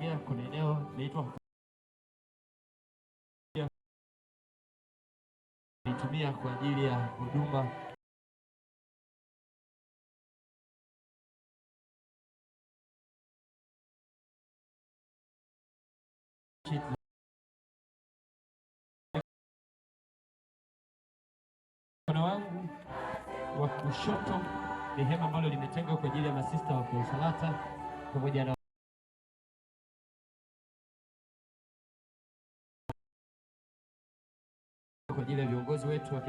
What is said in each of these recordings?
Samia. kwenye eneo linaitwa nitumia kwa ajili ya huduma mkono wangu wa kushoto ni hema ambalo limetengwa kwa ajili ya masista wa Konsolata pamoja na ajili ya viongozi wetu wa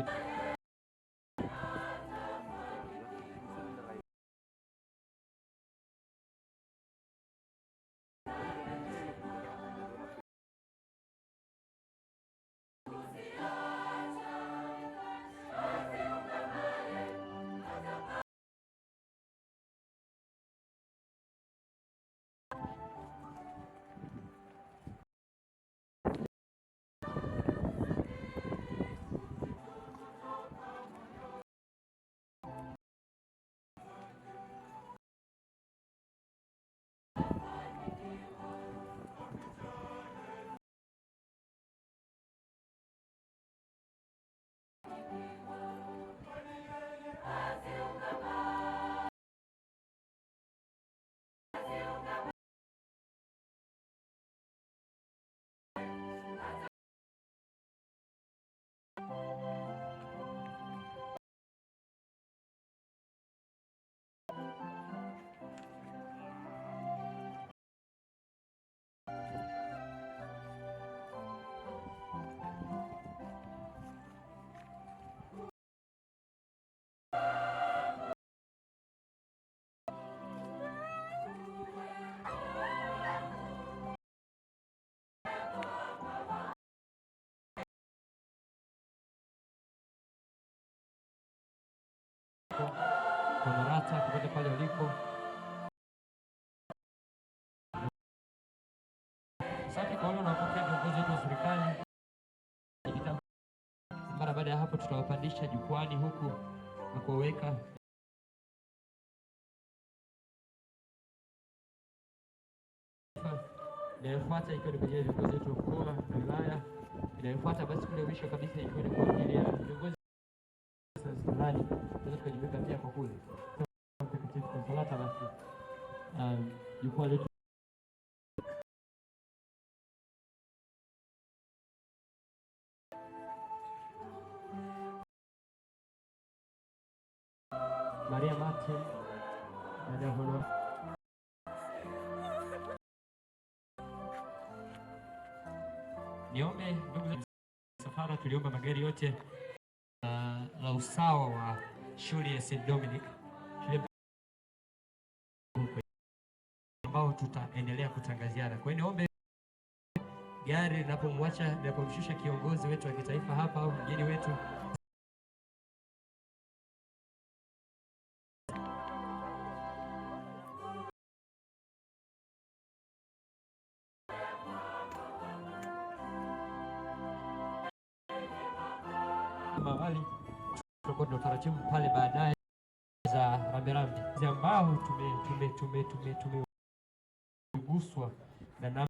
kwa marata kupata pale ulipo. Asante kwa wale wanaopokea viongozi wetu wa serikali. Mara baada ya hapo, tutawapandisha jukwani huku na kuwaweka inayofuata ikiwa ni kwa ajili ya viongozi wetu wa mkoa na wilaya. Inayofuata basi kule mwisho kabisa ikiwa ni kwa ajili ya viongozi serikali, tunaweza tukajiweka pia kwa kule um, you call it Maria Martin, Maria Honor. Niombe ndugu safara, tuliomba magari yote uh, la usawa wa shule ya St. Dominic ambao tutaendelea kutangaziana. Kwa hiyo niombe gari linapomwacha linapomshusha kiongozi wetu wa kitaifa hapa au mgeni wetu awali tutakuwa na utaratibu pale baadaye za rambirambi ambao tume tume tume tume ameguswa na namna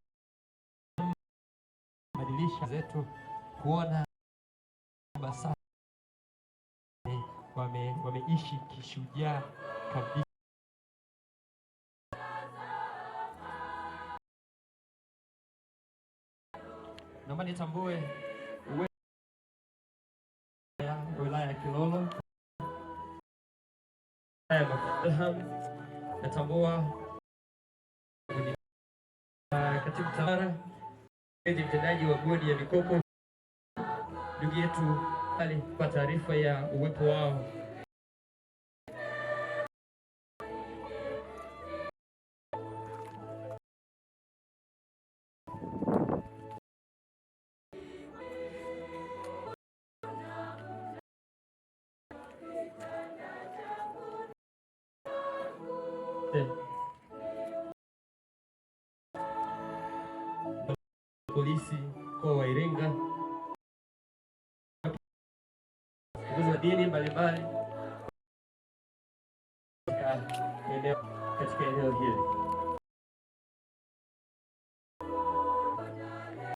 badilisha zetu kuona basa wame, wameishi kishujaa kabisa. Naomba nitambue wilaya ya Kilolo natambua Katibu Tawala, mtendaji wa bodi ya mikopo, ndugu yetu Ali, kwa taarifa ya uwepo wao polisi mkoa wa Iringa kukuza dini mbalimbali katika eneo hili.